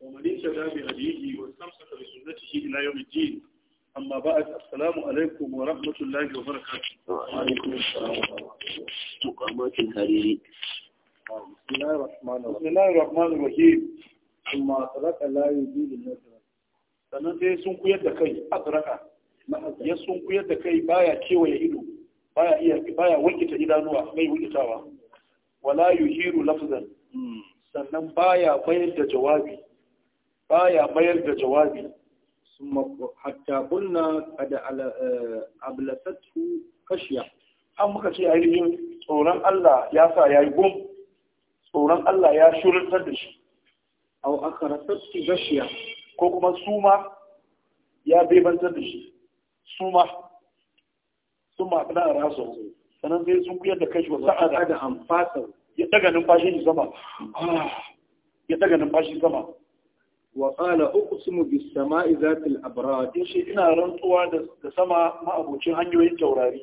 ومن اهتدى بهديه واستمسك بسنته الى يوم الدين اما بعد السلام عليكم ورحمه الله وبركاته وعليكم السلام ورحمه الله مقامات الهريري بسم الله الرحمن الرحيم ثم اطلق لا يزيد النصر sannan dai sun kuyar da kai a tsaraka ya sun kuyar da kai baya kewaye ido baya iya baya wakita idanuwa mai wakitawa wala yuhiru lafzan sannan baya bayar da jawabi baya mayar da jawabi hatta kunna kada ablasatu kashiya an muka ce ainihin tsoron Allah ya sa ya yi gum tsoron Allah ya shurantar da shi au akarasatu gashiya ko kuma suma ya bebantar da shi suma suma kana raso sanan sai sun kuyar da kashi wa sa'ada da amfasa ya daga numfashi sama ya daga numfashi sama wa qala uqsimu bis sama'i zatil abrad shi ina rantsuwa da sama ma'abocin hanyoyin taurari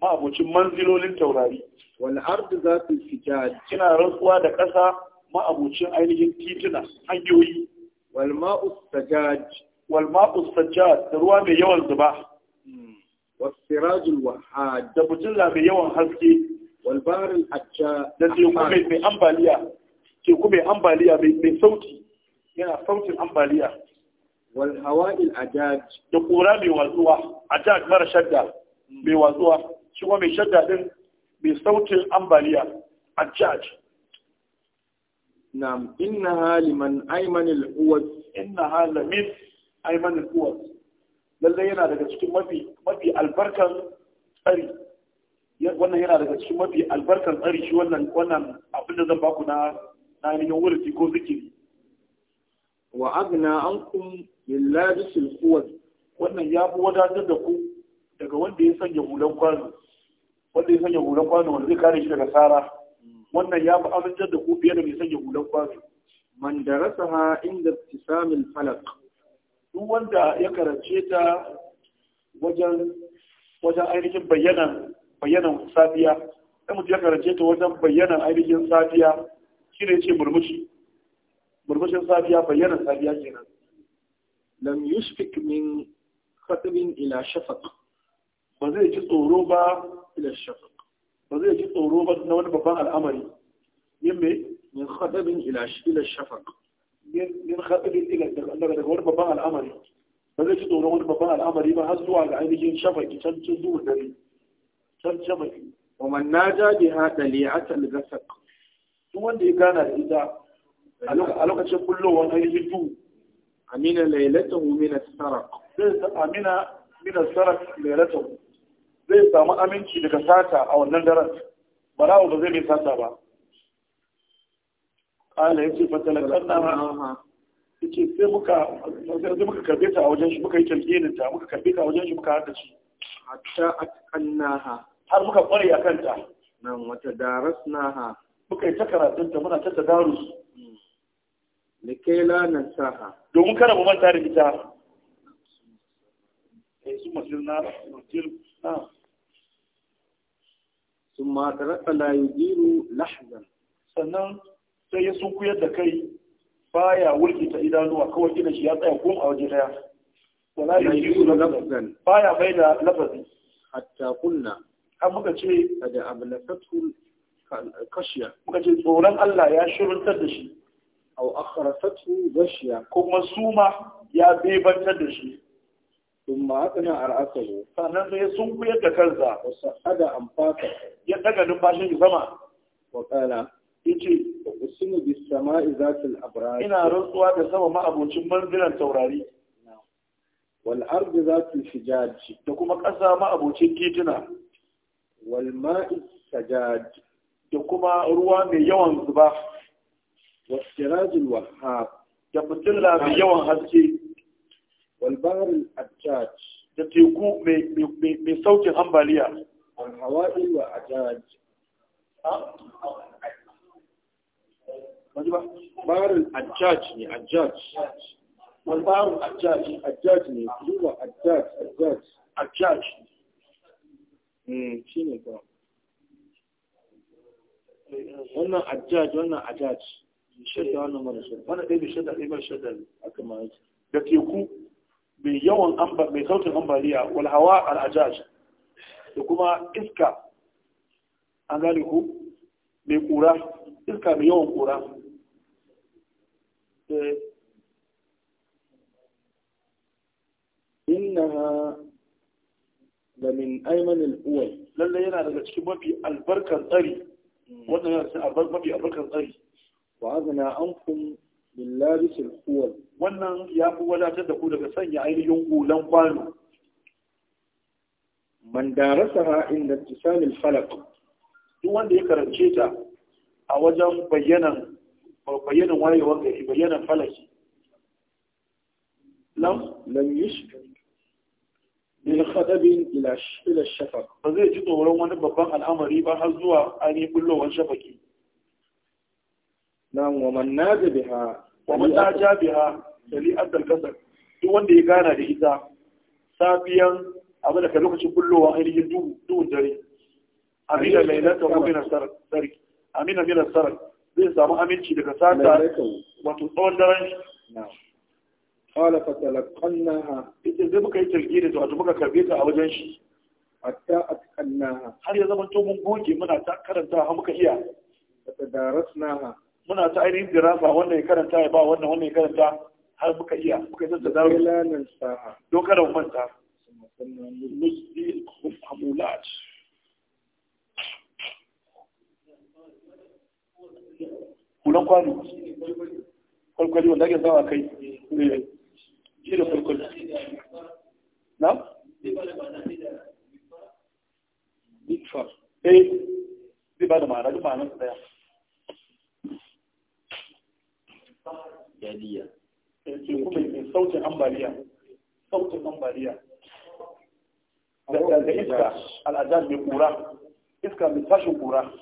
ma'abocin manzilolin taurari wal ard zatil fijaj ina rantsuwa da ƙasa ma'abocin ainihin tituna hanyoyi wal ma'u sajaj wal ma'u sajaj da ruwa mai yawan zuba hmm. was sirajul wahad da bujulla mai yawan haske wal bahr al hajja da teku mai ambaliya teku mai ambaliya mai sauti yana sautin ambaliya wal hawa'il ajaj da kura mai watsuwa ajaj mara shadda mai watsuwa shi kuma mai shadda din mai sautin ambaliya ajaj na innaha liman aymanil uwas innaha lamin aymanil uwas lalle yana daga cikin mafi mafi albarkan tsari wannan yana daga cikin mafi albarkan tsari shi wannan wannan abin da zan baku na na ainihin wurin ko zikiri wa agna ankum lillabisil quwwat wannan ya fi wadatar da ku daga wanda ya sanya hulan kwano wanda ya sanya hulan kwano wanda zai kare shi daga sara wannan ya fi amintar da ku fiye da mai sanya hulan kwano man darasaha inda tisamil falak duk wanda ya karance ta wajen wajen ainihin bayyana bayyanan safiya sai mutum ya karance ta wajen bayyanan ainihin safiya shi ne ce murmushi مرغوش صافي بيان صافي جينا لم يشفق من خطب الى شفق فزي يجي طوروبا الى الشفق فزي يجي طوروبا نون بابا الامر يمي من خطب الى الى الشفق من من خطب الى الدرغور بابا الامر فزي يجي طوروبا بابا الامر يبقى هسوا على عينك شفق تنتظر دري تنتظر ومن ناجى بها دليعة الغسق ثم اللي كان الإذا a lokacin kullowar ainihin duhu amina lailatahu min as-sarq zai amina mina as-sarq zai samu aminci daga sata a wannan daren barawo ba zai mai sata ba kala yace ɗan talakanna ma yace sai muka sai muka karbe ta a wajen shi muka yi talqinin ta muka karbe ta a wajen shi muka hada shi na ha. har muka kware akan kanta? nan wata ha. muka yi ta karatunta muna ta tadarus likaila na saha domin kada mu manta da ita sai su masirna masir na sun ma tarasa la yudiru lahzan sannan sai ya sunkuyar da kai baya wulkita idanuwa kawai gina shi ya tsaya gum a waje daya wala yudiru lahzan baya bai da lafazi hatta kunna har muka ce da ablakatu kashiya muka ce tsoron Allah ya shirintar da shi au akhrasatu Bashiya. kuma suma ya bebantar da shi Tun thumma atna ar'asahu sannan sai sun kuyar da kansa wasa'ada amfaka ya daga numfashin shi sama wa qala yace usmu bis sama'i zatil abrar ina rantsuwa da sama ma ma'abocin manzilan taurari wal ardi zatil fijaj da kuma ƙasa ma'abocin tituna wal ma'i sajaj da kuma ruwa mai yawan zuba والسراج الوهاب تفتلا بيوم هزكي والبار الأجاج تتيكو من صوت أمبالية والهوائل وأجاج بحر الأجاج أجاج والبار الأجاج أجاج هو أجاج أجاج أجاج شنو wannan ajaj wannan ajaj شدة أنا ما نشد فأنا إيه بشدة إيه ما شدة أكمل لكن يكون بيوم أمبا بيخلق أمبا ليا والهواء العجاج يكون إسكا أنا لكو بيكورا إسكا بيوم كورا إنها لمن أيمن الأول لا لا في البركة الأري وانا ينعرف البركة الأري wa azna ankum bil labis al khuwal wannan ya fi wadatar da ku daga sanya ainihin hulan kwano man darasaha inda tisal al falaq duk wanda ya karance ta a wajen bayanan wayewar gari bayanan falaki lam lam yishka min khadabin ila ila shafaq ba zai ji tsoron wani babban al'amari ba har zuwa ainihin bullowar shafaki nan wa man naja biha wa man naja biha dali addal kasar duk wanda ya gana da ita safiyan abin da ka lokacin kullowa ainihin duhu duhun dare amina mai lanta ko mina amina mina sarki zai samu aminci daga sata wato tsawon daren shi qala fatalaqannaha ita zai muka yi tilgiri to muka karbe ta a wajen shi hatta atqannaha har ya zama to mun goge muna ta karanta har muka iya fatadarasnaha muna ta ainihin dirasa wannan ya karanta ya ba wannan wannan ya karanta har muka iya muka yi da dawo don kada mu manta kulan kwano kwalkwali wanda ake zawa kai eh. shi da kwalkwali na? eh zai ba da ma'ana duk ma'anarsa daya jaliya kuma in sautin ambaliya sautin ambaliya da iska al'adar mai kura iska mai tashin kura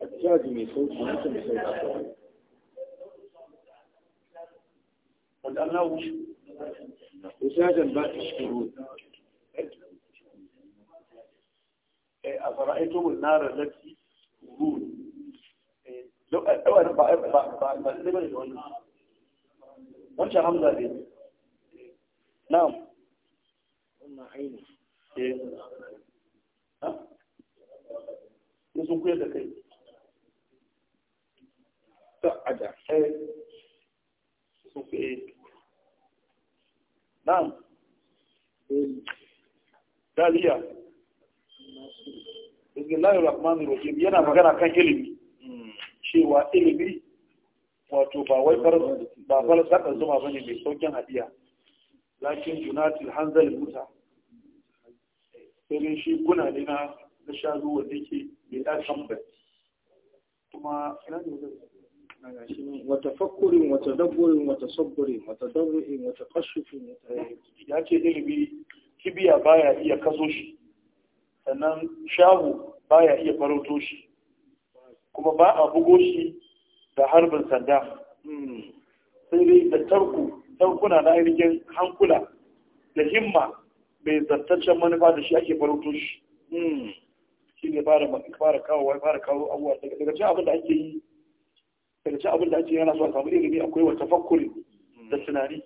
eh, a jaji mai sauti mutum mai sauti wanda an lawo usajen ba ishkiro a fara'aitowar narar lati ruru Eh, eh, eh, wancan hamza ne na'am wannan aini ha sun kuyar da kai sun kuye na'am daliya yana magana kan ilimi hmm. cewa ilimi wato ba wai ba falsafar zuma bane mai saukin haɗiya lakin junatil hanzal muta irin shi kuna ne na na shanu wanda ke mai ɗarkan bai kuma wata fakurin wata dabburin wata sabburin wata dabburin wata kashufin ya ce ilimi kibiya baya iya kaso shi sannan shahu baya iya farauto shi kuma ba a bugo shi da harbin sanda hmm. sai dai da tarku tarkuna na ainihin hankula da himma mai zartaccen manufa da shi ake farauto shi hmm. shi ne fara kawo fara kawo abuwa daga cin abin da ake yi daga cin abin da ake yana so a samu ilimi akwai wata fakuri da tunani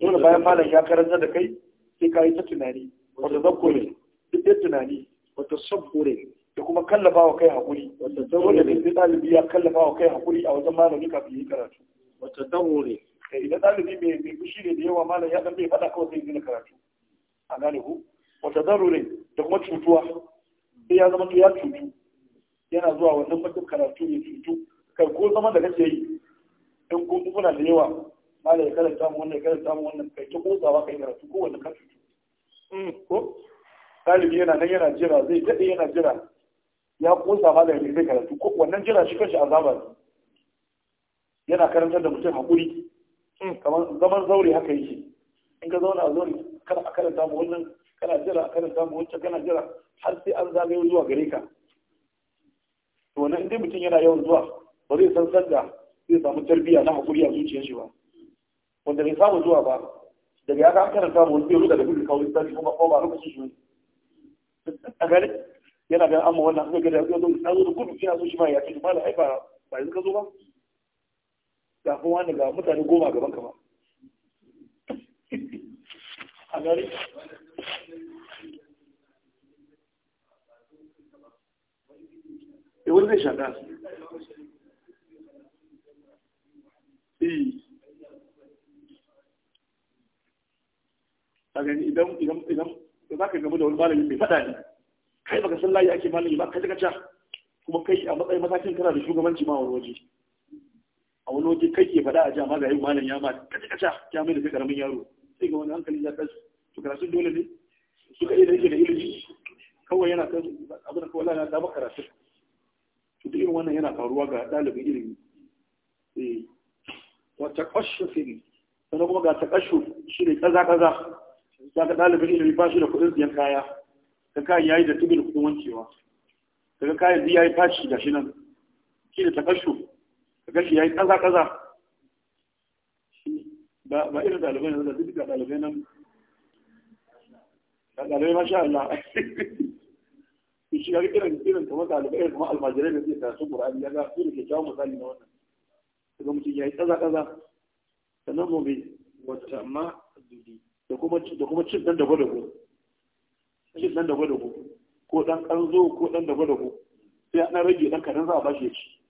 Wanda bayan malam ya karanta da kai sai ka yi ta tunani wata zakuri duk da tunani wata sabburin da kuma kallafa wa kai hakuri saboda da sai ɗalibi ya kallafa wa kai hakuri a wajen malami kafin yi karatu wata Kai idan ɗalibi mai mai fushi ne da yawa malam ya dan bai faɗa kawai zai yi karatu a gane ku wata darure da kuma cutuwa sai ya zama ya cutu yana zuwa wannan bakin karatu ya cutu kai ko zama da kake yi in kun kuna da yawa malam ya karanta mu wannan ya karanta mu wannan kai ta kotsawa kai karatu ko wannan ka cutu mm. ko ɗalibi yana nan yana jira zai daɗe yana jira ya kosa malami zai karatu ko wannan jira shi kanshi azaba ne yana karantar da mutum hakuri hmm. kamar zaman zaure haka yake in ka zauna a zaure kana a karanta mu wannan kana jira a karanta mu wancan kana jira har sai an zagayo zuwa gare ka to wannan inda mutum yana yawan zuwa ba zai san sanda zai samu tarbiyya na hakuri a zuciyar shi ba wanda bai samu zuwa ba daga ya ka karanta mu wani bai ruka da bin kawai lissafi kuma ko ba lokacin shi a gare yana ganin amma wannan aka gada ya zo na zo da gudu ina so shi ma ya ce da ba yanzu ka zo ba ga kuma wani ga mutane goma gaban ka a gari e wani zai shaɗa eh. a gani idan idan idan za ka da wani malamin mai ne kai baka san layi ake malami ba kaje kaca kuma kai a matsayin matakin kana da shugabanci ma wani waje a wani waje kai ke faɗa a ji amma ga yau malam ya ma kaje kaca ya mai da kai karamin yaro sai ga wani hankali ya kai to karatun dole ne su iya da yake da ilimi kawai yana kan abin da kawai lana dama karatu to duk irin wannan yana faruwa ga ɗalibin ilimi eh wa fi sanan kuma ga taqashshuf shi ne kaza kaza daga ɗalibin ilimi ba shi da kuɗin biyan kaya ka kayan yayi da tubin kudin wankewa daga kayan zai yayi da gashi nan shi da takashu daga shi yayi kaza kaza ba irin dalibai na da duk dalibai nan da dalibai masha Allah shi ga irin irin kamar dalibai kamar almajirai da zai tasu Qur'ani ya ga su ke jawo misali na wannan daga mutum yayi kaza kaza sannan mu bi wata ma da kuma da kuma cin dan da gwada shi dan da gwada ko ɗan kanzo ko dan da ku sai ana rage ɗan kaɗan za a bashi ya ci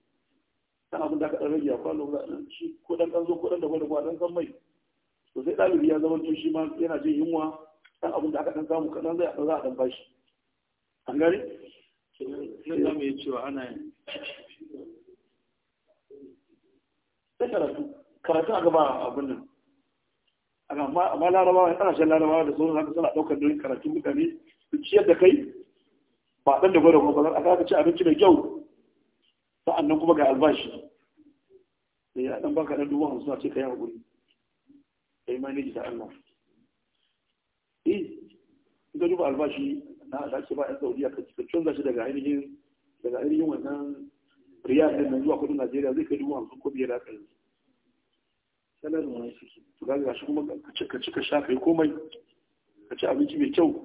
dan abin da aka ɗan rage a kwallo za a ci ko ɗan kanzo ko dan da gwada dan san mai to sai dalibi ya zama to shi ma yana jin yunwa dan abin da aka ɗan samu kaɗan zai a za a dan bashi an gari sai za mu yi cewa ana yin sai karatu karatu a ba abin nan amma larabawa ya shan larabawa da sauran haka suna ɗaukar nauyin karatu mutane sun ciyar da kai ba ɗan da gwada kuma ba za ka ci abinci mai kyau sa'annan kuma ga albashi sai eh, ya ɗan baka ɗan dubu hamsin a ce ka yi haƙuri ka yi maniji ta Allah eh in ka duba albashi na da ake ba 'yan saudiya ka canza shi daga ainihin daga ainihin wannan riyal din nan zuwa kudin Najeriya zai kai dubu hamsin ko biyar haka yanzu sanar da wani suke to ga gashi kuma ka ci ka sha kai komai ka ci abinci mai kyau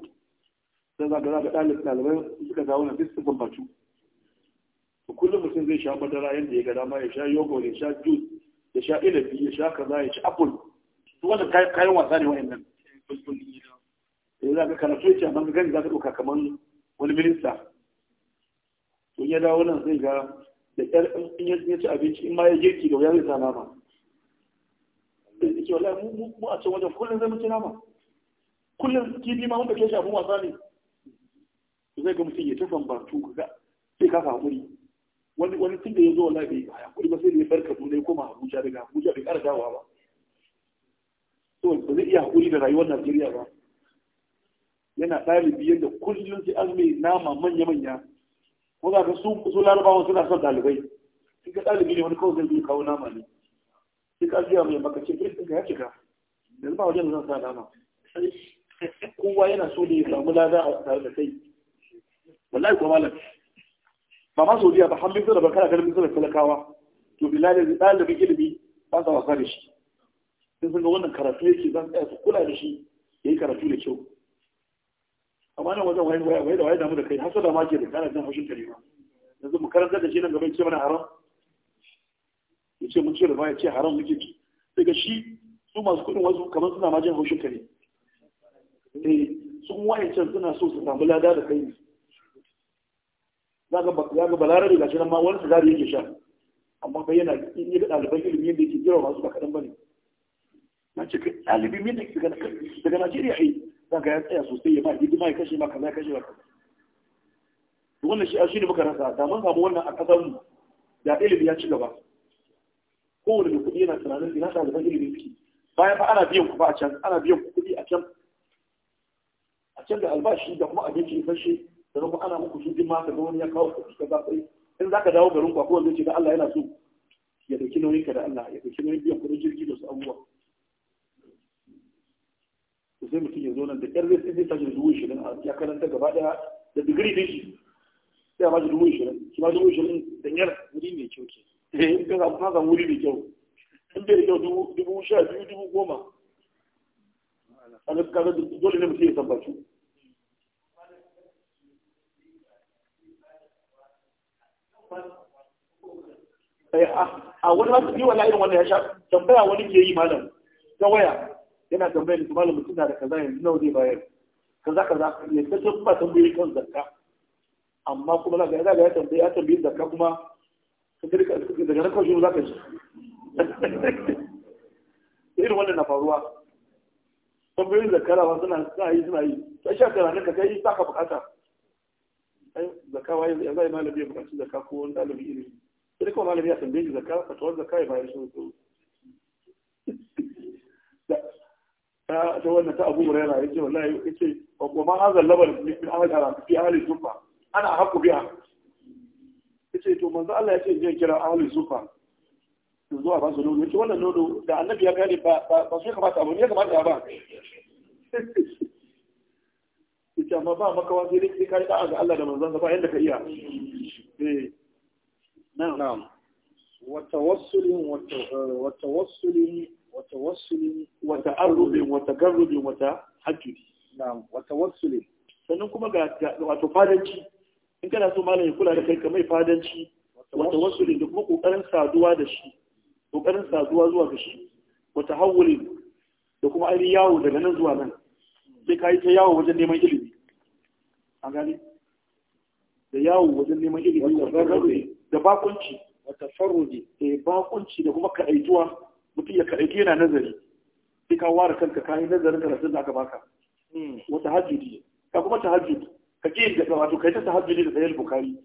sai za ka za ka ɗalib ɗalibai suka dawo na duk su bambatu to kullum mutum zai sha madara yadda ya ga dama ya sha yogurt ya sha juice ya sha ilabi ya sha kaza ya sha apple to wannan kayan wasa ne wa'annan eh za ka karatu ya ce amma gani za ka ɗauka kamar wani minista to ya dawo nan zai ga da ƙyar in ya ci abinci in ma ya girki da wuya zai sa nama yake wallahi mu a can wajen kullum zai mutu nama kullum kifi ma wanda ke shafi wasa ne zai ga mutum ya tafan batu ga sai ka hakuri wani wani da ya zo wala bai hakuri ba sai da ya bar Kaduna ya koma Abuja daga Abuja bai kara dawowa ba to ba zai iya hakuri da rayuwar Najeriya ba yana ɗalibi yadda kullum sai azumi nama manya-manya ko za ka su su larabawa suna son ɗalibai sai ka ɗalibi ne wani kawai zai zai kawo nama ne sai ka zuwa mai maka ce ɗin ka ya cika da zama wajen zan sa nama kowa yana so da ya samu lada a tare da kai wallahi ko malam ba ma saudiya ba hannun da ba kana ganin zira talakawa to bilal ɗalibin ilimi ba sa wasa da shi sun sun ga wannan karatu yake zan tsaya su kula da shi ya yi karatu da kyau amma nan wajen waye da waye damu da kai hasada ma ke da kana jin haushin kare ma yanzu mu karanta da shi nan gaba ya ce mana haram ya ce mun ce da ya ce haram muke ci daga shi su masu kuɗin wasu kamar suna ma jin haushin kare eh sun waye can suna so su samu lada da kai ne za ga balarabe ga shi nan ma wani sigari yake sha amma bai yana in yi ɗaliban ilimi yadda yake jira masu ba kaɗan ba ne na ce ɗalibi min daga najeriya ai za ka ya tsaya sosai ya ma hidima ya kashe ma kaza ya kashe ma kaza wannan shi a shi ne muka rasa da mun samu wannan a ƙasar mu da ilimi ya ci gaba kowane da kuɗi yana tunanin ina ɗaliban ilimin suke bayan fa ana biyan ku ba a can ana biyan kuɗi a can a can da albashi da kuma abinci isasshe sannan kuma ana muku shi ma ka ga wani ya kawo kuɗi ka ba sai in zaka dawo garin ku akwai zai ce da Allah yana so ya dauki nauyin ka da Allah ya dauki nauyin biyan kudin jirgi da su abubuwa to sai mutum ya zo nan da ƙyar zai sai tashi da dubu ishirin a ya karanta gaba ɗaya da digiri din shi sai a bashi dubu ishirin shi ma dubu ishirin da yar wuri mai kyau ke eh in ka samu ka samu wuri mai kyau in bai da kyau dubu sha biyu dubu goma a ga dole ne mutum ya tabbaci Eh, a wani masu yi wani irin wannan ya sha tambaya wani ke yi malam ta waya yana tambayar su malam mutum na da kaza yanzu nawa zai bayar kaza kaza ne ta ba tambayi kan zakka amma kuma zaka ga ya tambayi ya tambayi zakka kuma daga nan kawai za ka ji irin wannan na faruwa tambayoyin zakka rawa suna yi suna yi ta sha karanin ka kai za ka bukata zaka waye ya zai malami ya buƙaci zaka ko wani ɗalibi ilimi sai kuma malami ya tambaye shi zakka fatawar zaka ya bayar shi ta wannan ta abu huraira ya ce wallahi ya ce wa ma hazal labar min ahli haram fi ahli zufa ana haku biya ya ce to manzo Allah ya ce je kira ahli zufa to zuwa ba su nono ya ce wannan nono da annabi ya bayani ba ba su kamata abu ne ya kamata ya ba ce amma ba makawa sai dai kai da'a ga Allah da manzon ba yanda ka iya eh na'am eh, wa tawassulin wa tawassulin wa tawassulin wa ta'arrubin wa tagarrubin wa tahajjudi na'am wa tawassulin sannan kuma ga wato fadanci in kana so malamin kula da kai kamar fadanci wa tawassulin da kuma kokarin saduwa da shi kokarin saduwa zuwa ga shi wa tahawulin da kuma ainihin yawo daga nan zuwa nan sai ka yi ta yawo wajen neman ilimi a gani da yawo wajen neman ilimi da zarrabe da bakunci da tafarruji da eh, bakunci da kuma kaɗaituwa mutum ya kaɗaike yana nazari sai ka ware kanka kayi nazarin karatun da aka baka hmm. wata hajjudi ka kuma ta hajjudi ka ƙi da wato kai ta ta hajjudi da sayar bukari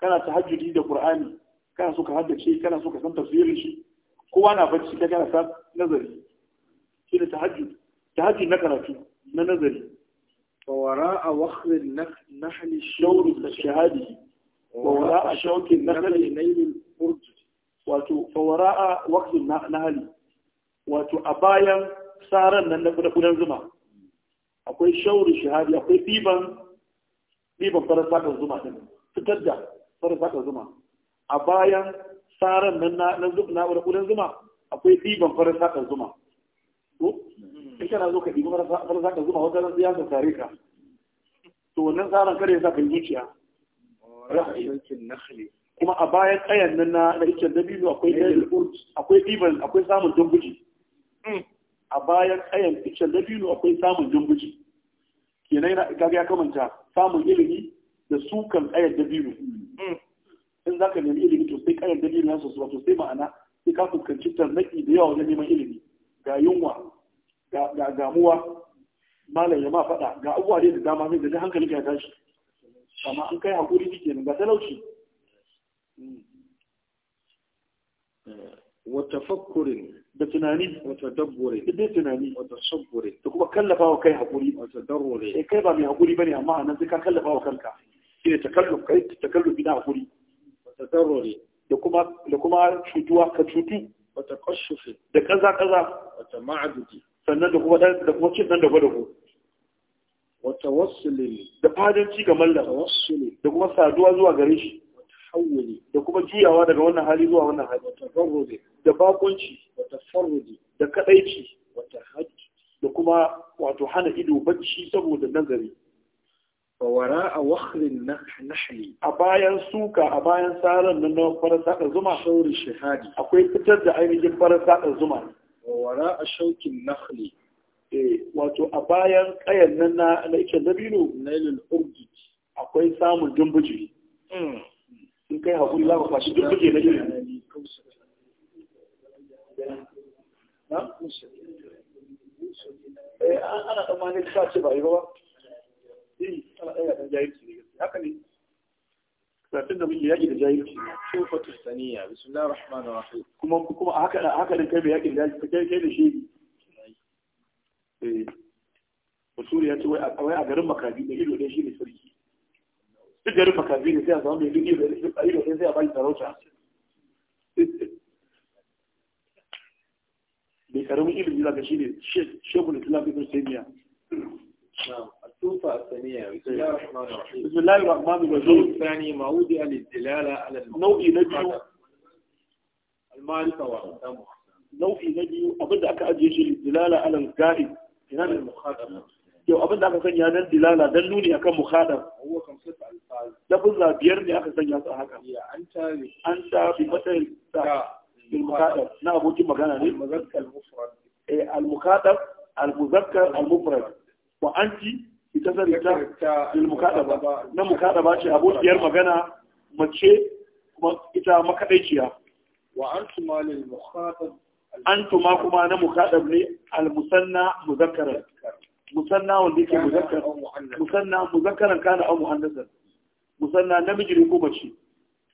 kana ta hajjudi da qur'ani kana so ka haddace kana so ka san tafsirin shi kowa na bacci ka kana sa nazari shi da tahajjud tahajjud na karatu na nazari وراء وخر النحل الشور الشهادي ووراء شوك النخل نيل البرج وراء وخر النحل وابايا سارا ننبر كل الزمع أقول شور الشهادي أقول ديبا ديبا فرصة الزمع تتجع فرصة الزمع أبايا سارا ننبر كل الزمع أقول ديبا فرصة الزمع Ikan azuk di mana perasaan azuk hotel yang biasa cari kah? to wannan tsarin kare sa kan zuciya kuma a bayan tsayan nan na na ikin dabino akwai akwai ɗiban akwai samun dumbuji hmm. a bayan tsayan ikin dabino akwai samun dumbuji kenan yana gaga ya kamanta samun ilimi da sukan tsayan dabino hmm. in za ka nemi ilimi to sai tsayan dabino na su wato sai ma'ana sai ka fuskanci tarnaki da yawa wajen neman ilimi ga yunwa ga damuwa malam ya ma faɗa ga abubuwa da dama mai da hankali ka tashi amma an kai hakuri ne kenan ga talauci eh, wata fakurin da tunani wata dabbure da tunani wata sabbure da kuma kallafa wa kai hakuri wata darure eh kai ba mai hakuri bane amma anan sai ka kallafa wa kanka shine takalluf kai takallufi da hakuri wata darure da kuma da kuma cutuwa ka cutu wata kashufi da kaza kaza wata ma'adudi sannan da kuma da kuma cin nan da gwada ku Wata wasuli da ci ga mallam wasuli da kuma saduwa zuwa gare shi hawuli da kuma juyawa daga wannan hali zuwa wannan hali Wata farudi da bakunci wata farudi da kadaici wata haji. da kuma wato hana ido bacci saboda nazari fa a wakhrin nahli a bayan suka a bayan saran nan na farasa zuma shauri shahadi akwai fitar da ainihin farasa zuma wara a shaukin nakhli eh, wato a bayan kayan nan na na ike dabino urdi akwai samun dumbuje hmm. in kai za kwashi dumbuje na eh, ana ta ce karatun da muke yaƙi da jahilci kuma kuma haka ne kai yaƙi da jahilci kai kai shi eh usuri ya ce wai a garin makabi da ido shi ne sarki duk garin makabi ne sai a samu mai ido sai a baki bai karamin ilimi zaka shi ne shekul islam ibn taymiya الصوفة الثانية بسم الله الرحمن الرحيم بسم الله الرحمن الرحيم الثاني ما للدلالة على النوع نبي المعرفة والتمع نوع نبي أبدا أكأجي للدلالة على الغائب هنا المخاطب yau abin da aka دلوني nan dilala هو كم akan mukhadar lafuzza biyar ne aka sanya su a haka المخاطب نا ابو جي مغانا المذكر المفرد إيه، المخاطب المذكر المفرد وانت tazarta al-mukadaba na mukadaba ce abokiyar magana mace kuma ita makadaiciya wa antuma lil mukhatab antuma kuma na mukadab ne al-musanna muzakkara musanna wanda yake muzakkar musanna muzakkaran kana aw muhannasan musanna namiji ne ko mace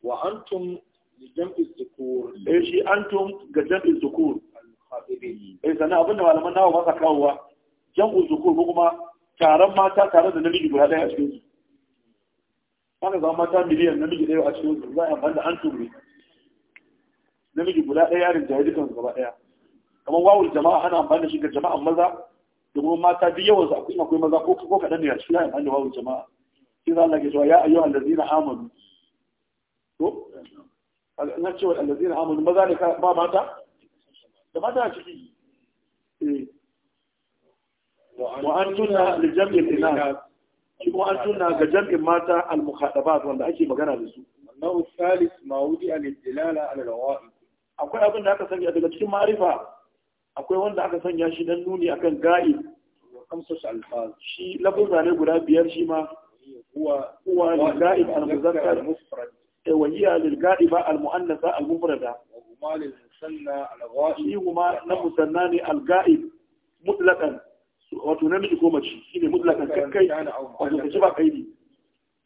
wa antum li dhukur eh shi antum ga jam'i dhukur eh sana abinda malaman nawa ba sa kawowa jam'u dhukur ko kuma taron mata tare da namiji guda ɗaya a cikin su kana zama mata miliyan namiji ɗaya a cikin su za a amfani da an tumbe namiji guda ɗaya yarin jaya dukan su gaba ɗaya kamar wawul jama'a ana amfani da shi ga jama'an maza domin mata duk yawan su akwai akwai maza ko ko kaɗan ne a cikin amfani da wawul jama'a shi za Allah ke cewa ya ayyu allazina amanu to na cewa allazina amanu maza ne ba mata da mata a ciki eh wa an tunna li jam'il inas shi kuma tunna ga jam'in mata al mukhatabat wanda ake magana da su annahu salis mawudi al dilala al rawa'i akwai abin da aka sanya daga cikin maarifa. akwai wanda aka sanya shi dan nuni akan ga'i kamsus alfaz shi lafuzza ne guda biyar shi ma huwa huwa al ga'ib al muzakkar al-mu'annasa al-mufrada? المفردة kuma na الغائب هما al-ga'i مطلقا wato namiji ko mace shine mutlakan kakkai wato kaci ba kaidi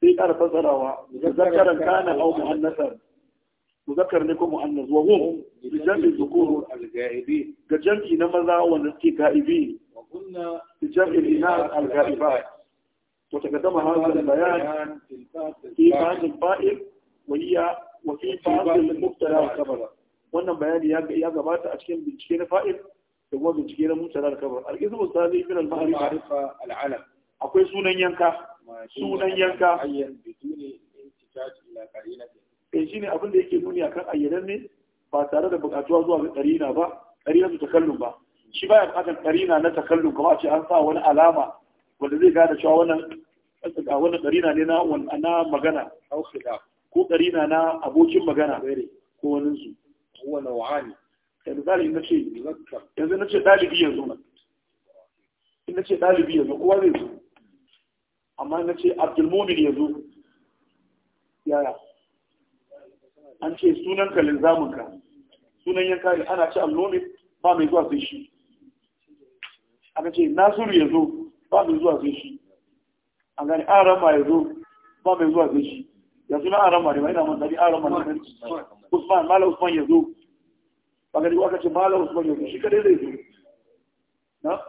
sai ƙara fassarawa muzakkaran kana au muannasan muzakkar ne ko muannas wa hum bi jam'i dhukur al-ghaibin ga jam'i na maza wanda suke gaibi wa kunna bi jam'i al-inas al-ghaibat wa taqaddama hadha al-bayan fi ba'd al-fa'il wa hiya wa fi ba'd al-mubtada wa khabara wannan bayani ya gabata a cikin bincike na fa'il da kuma bincike na mutane da kabar ba sani ibn al-ma'arifa al'alam akwai sunan yanka sunan yanka ayyan eh, shi ne shine abin da yake nuni akan ayyanan ne ba tare da bukatuwa zuwa ga qarina ba qarina ta takallum ba shi baya bukatar qarina na takallum kuma a ce an sa wani alama wanda zai gada cewa wannan a wannan qarina ne na na magana ko qarina na abokin magana ko wani su wani wa'ani yanzu ɗalibi na ce yanzu na ce ɗalibi yanzu na ina ce ɗalibi yanzu kowa zai zo amma na ce abdulmumin yanzu yaya an ce sunan ka linzaminka sunan yanka ne ana ce allomi ba mai zuwa sai shi aka ce nasiru yanzu ba mai zuwa sai shi an gani arama ya zo ba mai zuwa sai shi na suna arama ne ba ina mun dari arama ne usman mala usman ya zo ba ka aka ce malam usman yau shi kadai zai zo na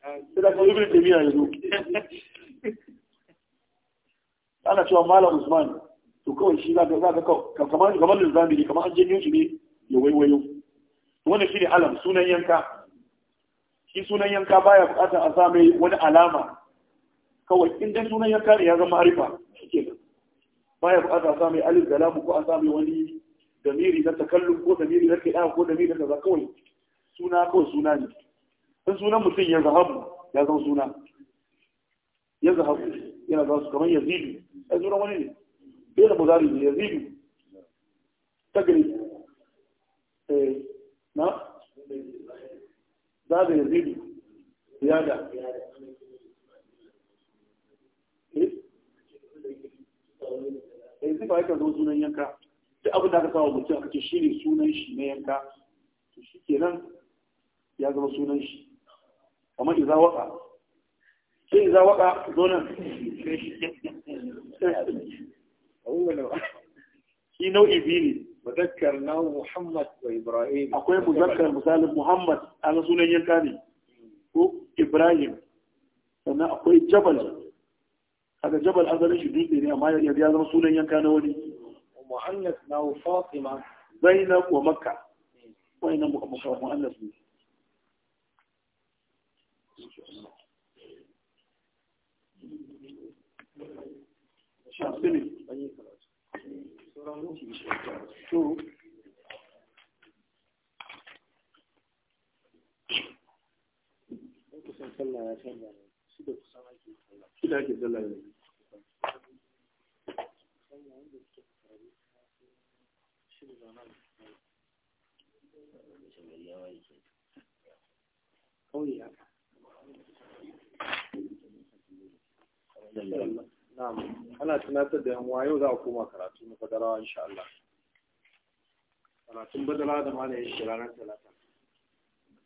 sai da kuma ibn taymiya ya zo ana cewa malam usman to kawai shi zaka zaka ka kamar kamar linzami ne kamar an janyo shi ne ya waiwayo shi ne alam sunan yanka shi sunan yanka baya bukatar a sa mai wani alama kawai in dai sunan yanka ne ya zama arifa shikenan baya bukatar a sa mai alif da ko a sa mai wani ضميري ده تكلم هو ضميري ده كلام هو ضميري ده كوي سونا كو سونا ني ان سونا متي يذهب يا زو سونا يذهب الى راس كمان يزيد ازونا وين بين مضارب يزيد تجري ايه نا زاد يزيد زياده يزيد بايك دوزو نيان كرافت duk abin da aka samu mutum aka ce shi ne sunan shi na yanka to shi kenan ya zama sunan shi kamar iza waka ke iza waka zonan shi nau'i biyu ne muzakkar na muhammad wa ibrahim akwai muzakkar misalin muhammad an sunan yanka ne ko ibrahim sannan akwai jabal kaga jabal asalin shi dutse ne amma ya zama sunan yanka na wani مؤنث ناو فاطمة زينب ومكة وين مؤنث شاطمي شوف kauye haka ana tunatar da yan yau za a koma karatu na fadarawa insha Allah karatun badala da mana yin ranar talata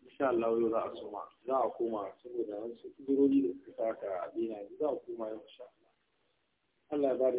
insha Allah yau za a soma za a koma saboda wasu kudurori da suka saka a bina za a koma yau insha Allah ya ba da